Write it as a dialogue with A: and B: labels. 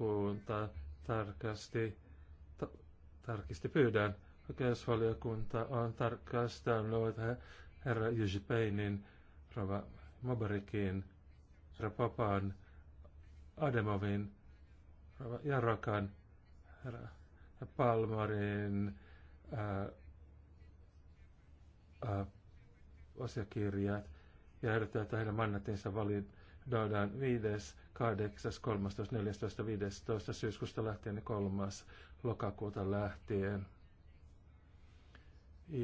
A: valiokunta tarkasti, ta, tarkisti pyydän. Oikeusvaliokunta on tarkastanut herra Yujipeinin, rova Mobarikin, herra Papan, Ademovin, rova Jarokan, herra Palmarin ää, ää, asiakirjat ja herättää että heidän mandatinsa validoidaan 5., 8., 13., 14., 15. syyskuusta lähtien ja 3. lokakuuta lähtien.